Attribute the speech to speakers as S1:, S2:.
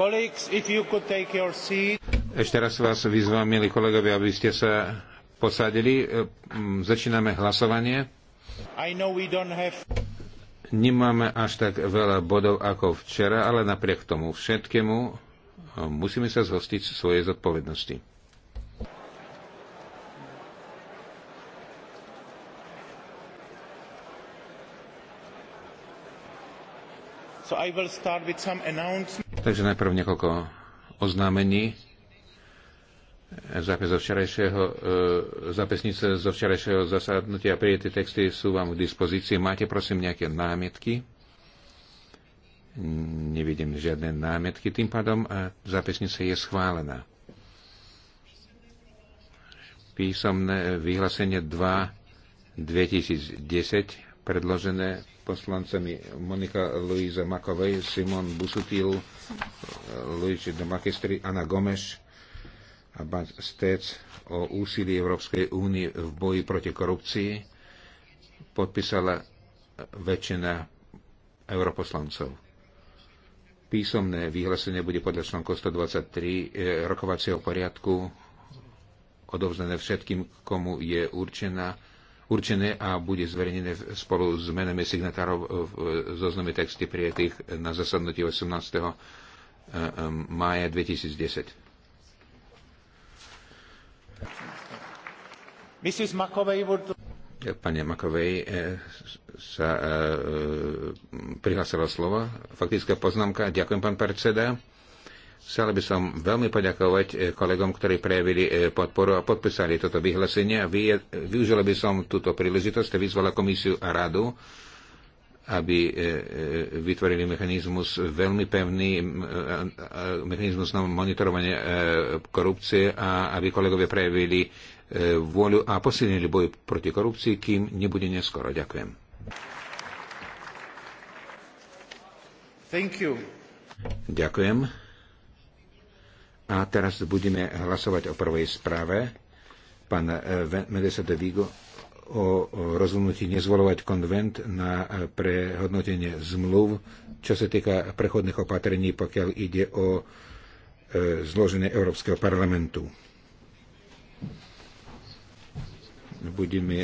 S1: Ešte raz vás vyzvám, milí kolegovia, aby ste sa posadili. E, začíname hlasovanie. Nemáme až tak veľa bodov ako včera, ale napriek tomu všetkému e, musíme sa zhostiť svojej zodpovednosti. So I will start with some announcements. Takže najprv niekoľko oznámení. Zápis zo včerajšieho, e, zápisnice zo včerajšieho zasadnutia a prijaté texty sú vám k dispozícii. Máte prosím nejaké námietky? Nevidím žiadne námietky. Tým pádom e, zápisnica je schválená. Písomné vyhlásenie 2 2010 predložené poslancami Monika Luisa Makovej, Simon Busutil, Luigi de Makestri, Anna Gomes a Bad Stec o úsilí Európskej únie v boji proti korupcii podpísala väčšina europoslancov. Písomné vyhlásenie bude podľa článku 123 e, rokovacieho poriadku odovzdané všetkým, komu je určená určené a bude zverejnené spolu s menami signatárov v zozname texty prijatých na zasadnutí 18. Eh, eh, mája 2010. Mrs. McAvey would... Pane Makovej eh, sa prihlásila slova. Faktická poznámka. Ďakujem, pán predseda. Chcel by som veľmi poďakovať e, kolegom, ktorí prejavili e, podporu a podpísali toto vyhlásenie. Využil by som túto príležitosť a vyzvala komisiu a radu, aby e, vytvorili mechanizmus veľmi pevný, mechanizmus na monitorovanie korupcie a aby kolegovia prejavili vôľu a posilnili boj proti korupcii, kým nebude neskoro. Ďakujem. Thank you. Ďakujem. A teraz budeme hlasovať o prvej správe pán eh, Medesa de Vigo o rozhodnutí nezvolovať konvent na eh, prehodnotenie zmluv, čo sa týka prechodných opatrení, pokiaľ ide o eh, zloženie Európskeho parlamentu. Budeme